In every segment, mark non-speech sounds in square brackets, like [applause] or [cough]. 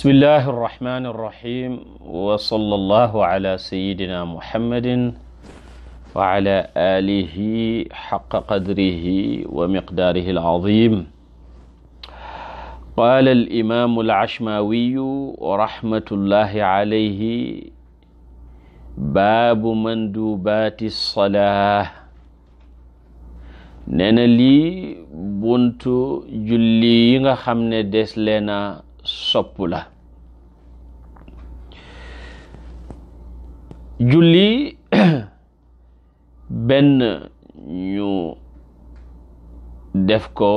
bismillahi arrahmani irrahim wa sallallahu ala sayidina muhammadin wa ala alihi xaqa qadrihi wa miqdaarihi alazim qaala alimamu alcashmawiyu rahmatullahi alayhi baabu mandubaati salaa nee na lii buntu julli yi nga xam ne des leena soppu la julli [clears throat] benn ñu def ko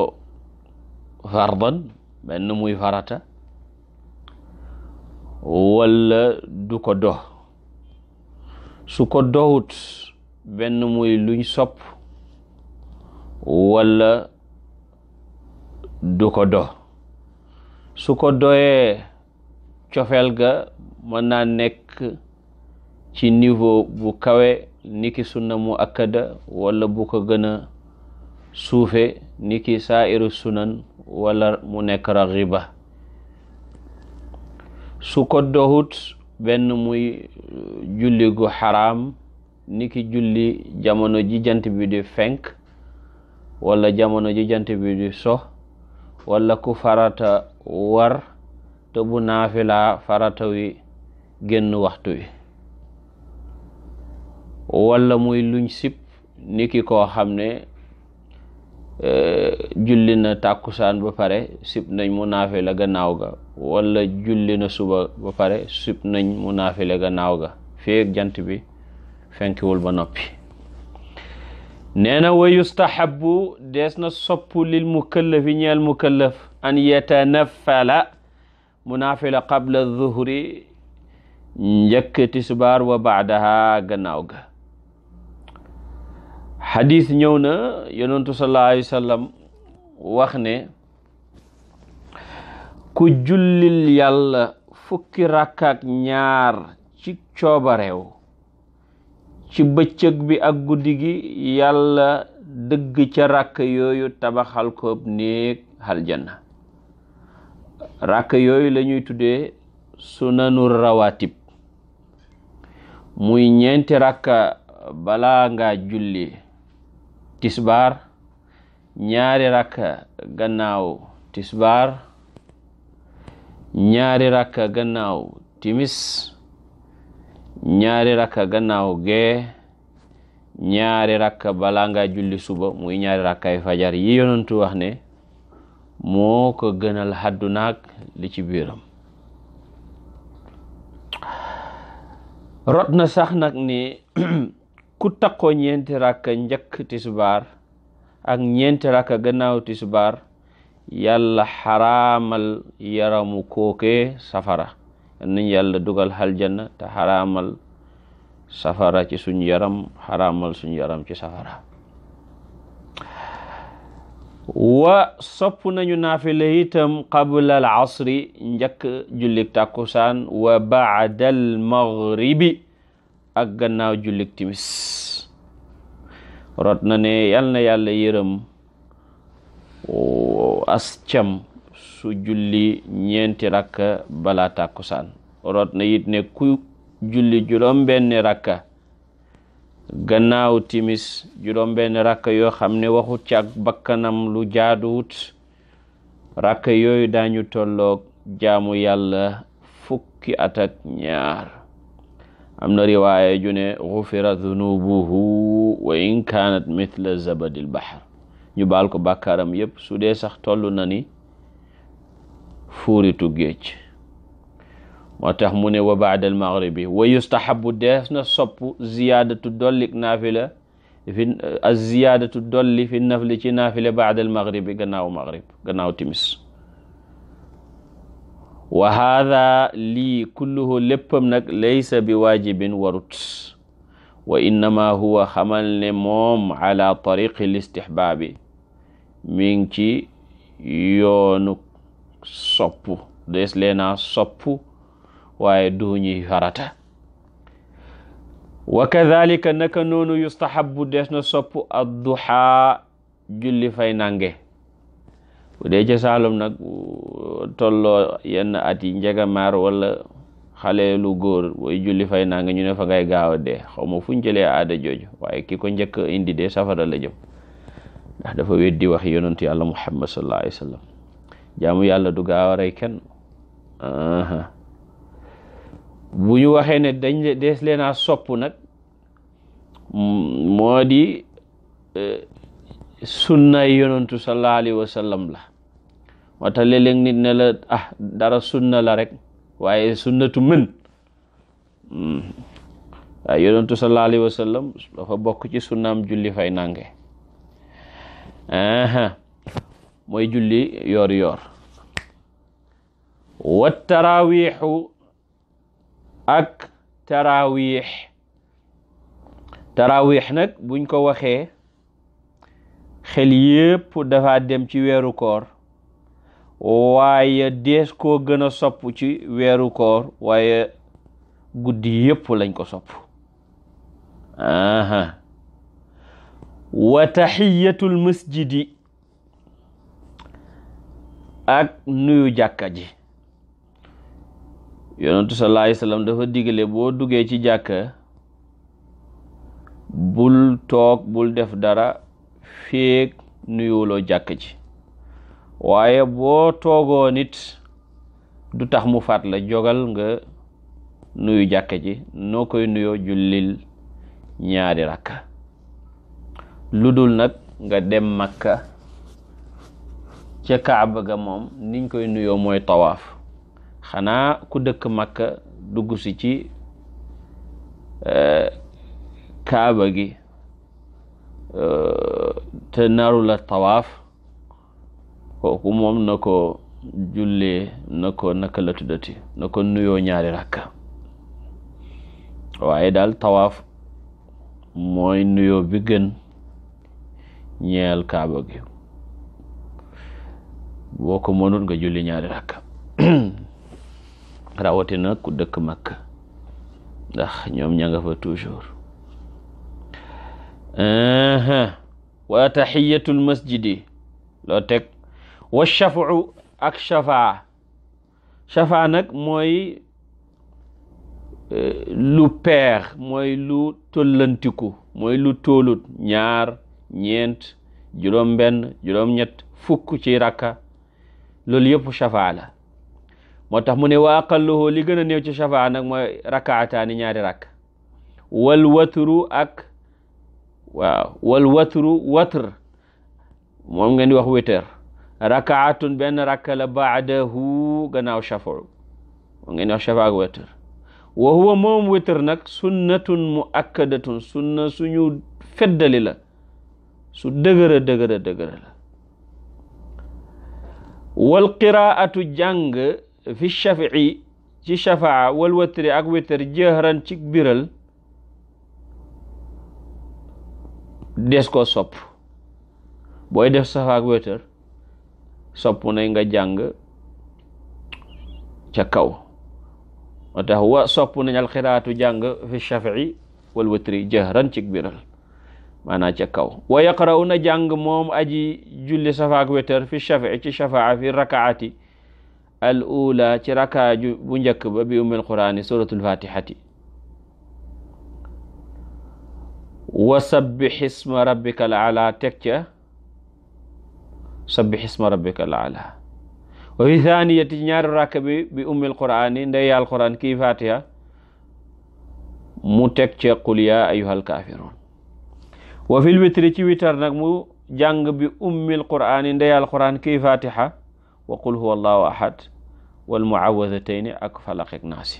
fardan benn muy farata walla du ko dox su ko doxut benn muy luñ sopp walla du ko dox su ko doyee cofeel ga mën naa nekk ci niveau bu kawe niki sunna mu akkada wala bu ko gën suufe niki saa'iru sunan wala mu nekk raxiba su ko doxut benn muy julli gu xaraam niki julli jamono ji jant bi fenk wala jamono ji jant wala ku farata war te bu naafila farata wi génn waxtu wi wala muy luñ sip niki koo xam ne e, julli na tàkkusaan ba pare sip nañ mu naafila gannaaw ga wala julli na suba ba pare sip nañ mu naafila gannaaw ga feeg jant bi fenkiwul ba noppi nee na wa yustahabu dees na sopp lil mukallaf yi ñeel mukallaf an yetanaffala mu naafila qabla zuhri njëkk tisbaar wa baadaha gannaaw ga xadis ñëw na yonentu sallallahu alayhi wa wax ne ku jullil yàlla fukki rakk ak ñaar ci coobareew ci bëccëg bi ak guddi gi yàlla dëgg ca rakk yooyu tabaxal ko néeg aljanna ràkk yooyu la ñuy tuddee sunanu rawatib muy ñeenti ràkka balaa nga julli tisbaar ñaari ràkka gannaaw tisbaar ñaari ràkka gannaaw timis ñaari ràkka gannaaw gee ñaari ràkka balaa nga julli suba muy ñaari ràkkay fajar yi yonentu wax ne moo ko gënal haddunaak li ci biiram rot na sax nag ni [clears throat] ku takkoo ñeenti rakka njëkk tisbaar ak ñeenti rakka gannaaw tisbaar yàlla xaraamal yaramu kooke safara nañ yàlla dugal aljanna te xaraamal safara ci suñ yaram xaraamal suñ yaram ci safara wa sopp nañu naafila itam qabla al asri njëkk jullik tàkkusaan wa baada maghribi ak gannaaw jullik timis rot na ne yal na yàlla yërëm uh, as cam su julli ñeenti rakka bala tàkkusaan rot na ne ku julli juróom benni rakka gannaaw timis juróom benn rakk yoo xam ne waxut ca bakkanam lu jaaduwut rakk yooyu dañu tollook jaamu yàlla fukki atak ñaar am na riwaaya ju ne xufira dunubuhu wa in kaanat mithla zabadil bahr ñu baal ko bàkkaaram yépp su dee sax toll na ni fuuritu géej moo tax mu ne wa baada al maghribi wa yustahabu dees na sopp ziyaadatu dolli naafila fi az ziyaadatu dolli fi nafli ci naafila baada al maghribi gannaaw maghrib gannaaw timis wa haada lii kulluhu léppam nag laysa bi waajibin warut wa innama huwa xamal ne moom ala tariqi listihbaabi mi ngi ci yoonu sopp dees leenaa sopp waaye duñuy farata wa kadhalika naka noonu yustahabu des na sopp adduha julli fay nange bu dee nag tolloo yenn at yi njegamaar wala xale lu góor julli fay nange ñu ne fa ngay gaaw dee xaw ma fu ñu jëlee aada jooju waaye ki njëkk indi dee safara la jëm ndax dafa weddi wax yonentu yàlla muhammad sallallahu alayhi wa sallam jaamu yàlla du gaaw a bu ñu waxee ne dañ dees leen a sopp nag moo di eh, sunna yonantu sallallahu alayhi wa la watale tax léeg-léeg la ah dara sunna la rek waaye sunnatu mën hmm. waaye yonantu sallallahu alayhi wa sallam dafa bokk ci sunnaam julli fay nange mooy julli yoor yoor wa tarawiixu ak taraawix taraawix nag buñ ko waxee xel yépp dafa dem ci weeru koor waaye dees koo gën a sopp ci weeru koor waaye guddi yépp lañ ko sopp aha wa taxiyatul masjidi ak nuyu jàkka ji yonentu sallallahu alayhi wasallam dafa digale boo duggee ci jàkka bul toog bul def dara féeg nuyuwuloo jàkk ci waaye boo toogoo nit du tax mu faat la jogal nga nuyu jàkk ji noo koy nuyoo jullil ñaari rakka lu dul nag nga dem makka ca kaaba ga moom niñ koy nuyoo mooy tawaaf xanaa ku dëkk Makka dugg si ci eh, kaaba gi eh, te naru la tawaaf kooku mom na ko jullee na ko naka la tuddati na ko nuyoo ñaari rakka waaye daal tawaaf mooy nuyoo bi gën ñeel kaaba gi boo ko nga julli ñaari rakka [clears throat] rawatina ku dëkk Makka ndax ñoom ña nga fa toujours wa taxiyatul masjidi loo teg wa shafau ak shafaa shafaa mooy eh, lu peex mooy lu tollantiku mooy lu tóolut ñaar ñeent juróom benn juróom ñett fukk ci rakka loolu yëpp shafaa la moo tax mu ne wa aqalluhu li gën a néew ci shafaa nag mooy rakaataani ñaari rakk wal watru ak wal watru watr moom ngeen di wax witr rakaatun benn rakka la baadahu gannaaw shafaa moom wa huwa moom witr nag sunnatun muakkadatun sunna suñu feddali la su dëgëra dëgëra dëgëra la wal qiraatu jàng fi shafii ci shafaa wal watri ak witr jëhran ci biral des ko sopp booy def shafaa ak witr sopp nañ nga jàng ca kaw moo tax wa sopp nañ alxiraatu jàng fi shafii wal watri jëhran ci biral maanaa ca kaw wa yaqra'una jàng moom aji julli shafaa ak witr fi shafii ci shafaa fi rakaati al ula ci raka ju bu njëkk ba bi ummil quraani suratul fatihati wa sabbix isma rabbika al ala teg ca sabbix isma rabbika al ala wa fi thaniyati ci ñaari raka bi bi ummil quraani ndey al quraan kii fatiha mu teg ca qul ya ayyuhal kaafiruun wa fil witri ci witar nag mu jàng bi ummil quraani ndey al quraan kii fatiha wa qul huwa allahu ahad wal muawadatayni ak falaq ak naasi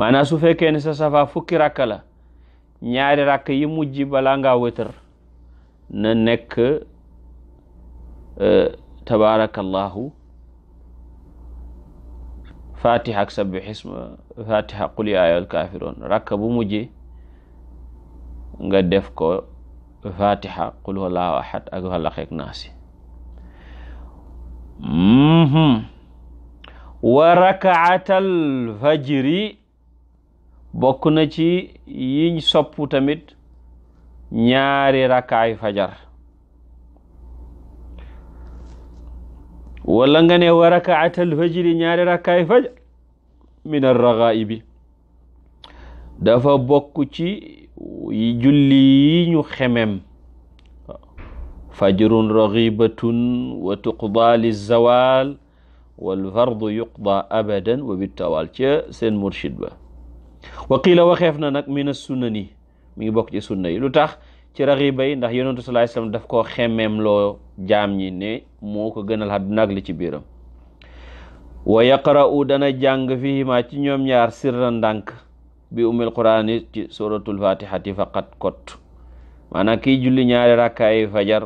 maanaam su fekkee ne sa safa fukki rakk la ñaari rakk yi mujj balaa nga wëtër na nekk eh, tabaarakallahu fatiha ak sabbih isma fatiha qul yaa ayyuhal kaafiruun bu mujj nga def ko fatiha qul huwallaahu ahad ak falaq naasi Mm-hmm. wa rakaatal fajri bokk na ci yiñ soppu tamit ñaari rakaay fajar wala nga ne wa rakaatal fajri ñaari rakaay fajar min arragaibi dafa bokk ci julli yi ñu xemem fajrun ragibatun wa tuqda lizawal walfardu yuqda abadan wa bittawal ca seen murshid ba wa qiila waxeef na nag min as-sunani mi ngi bokk ci sunna yi lu tax ci raxiba yi ndax yonentu sallallahu alayhi daf koo xemmeem loo jaam ñi ne moo ko gënal àdduna ak li ci biiram wa yaqra'u dana jàng fihima ci ñoom ñaar sirra ndànk bi umil qur'ani ci suratul faqat kot maanaam kiy julli ñaari rakkaayi fajar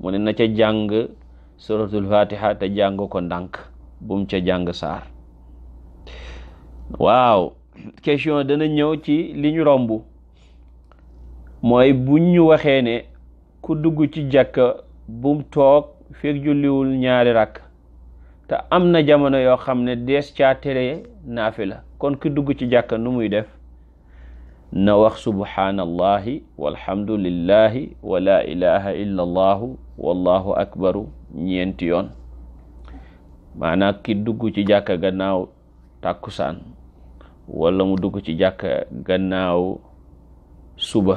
mu ne na ca jàng suratul fatiha te jàng ko ndànk bum ca jàng saar waaw question dana ñëw ci li romb mooy bu ñu waxee ne ku dugg ci jàkka bum toog fekk julliwul ñaari rakk te am na jamono yoo xam ne des caa tere naafi la kon ku dugg ci jàkka nu muy def na wax subhaanallahi walhamdulillahi wa laa ilaha illa allahu wallahu akbaru ñeenti yoon maanaam ki dugg ci jàkka gannaaw tàkkusaan wala mu dugg ci jàkka gannaaw suba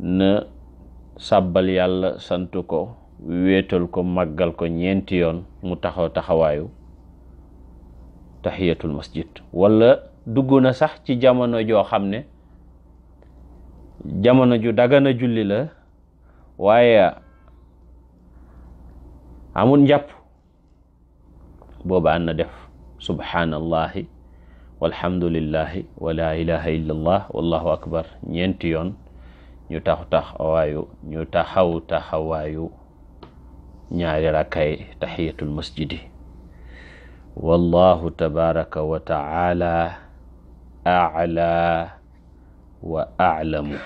na sàbbal yàlla sant ko wéetal ko màggal ko ñeenti yoon mu taxaw taxawaayu tahiyatul masjid wala dugg na sax ci jamono joo xam ne jamono ju dagana julli la waaye amul njàpp booba an na def subhaanallahi walhamdulillahi wa la ilaha illa akbar ñeenti yoon ñu taxu taxawaayu ñu taxaw taxawaayu ñaari rakkay tahiyatul masjidi wallahu tabaraka wa a'la wa a'lamu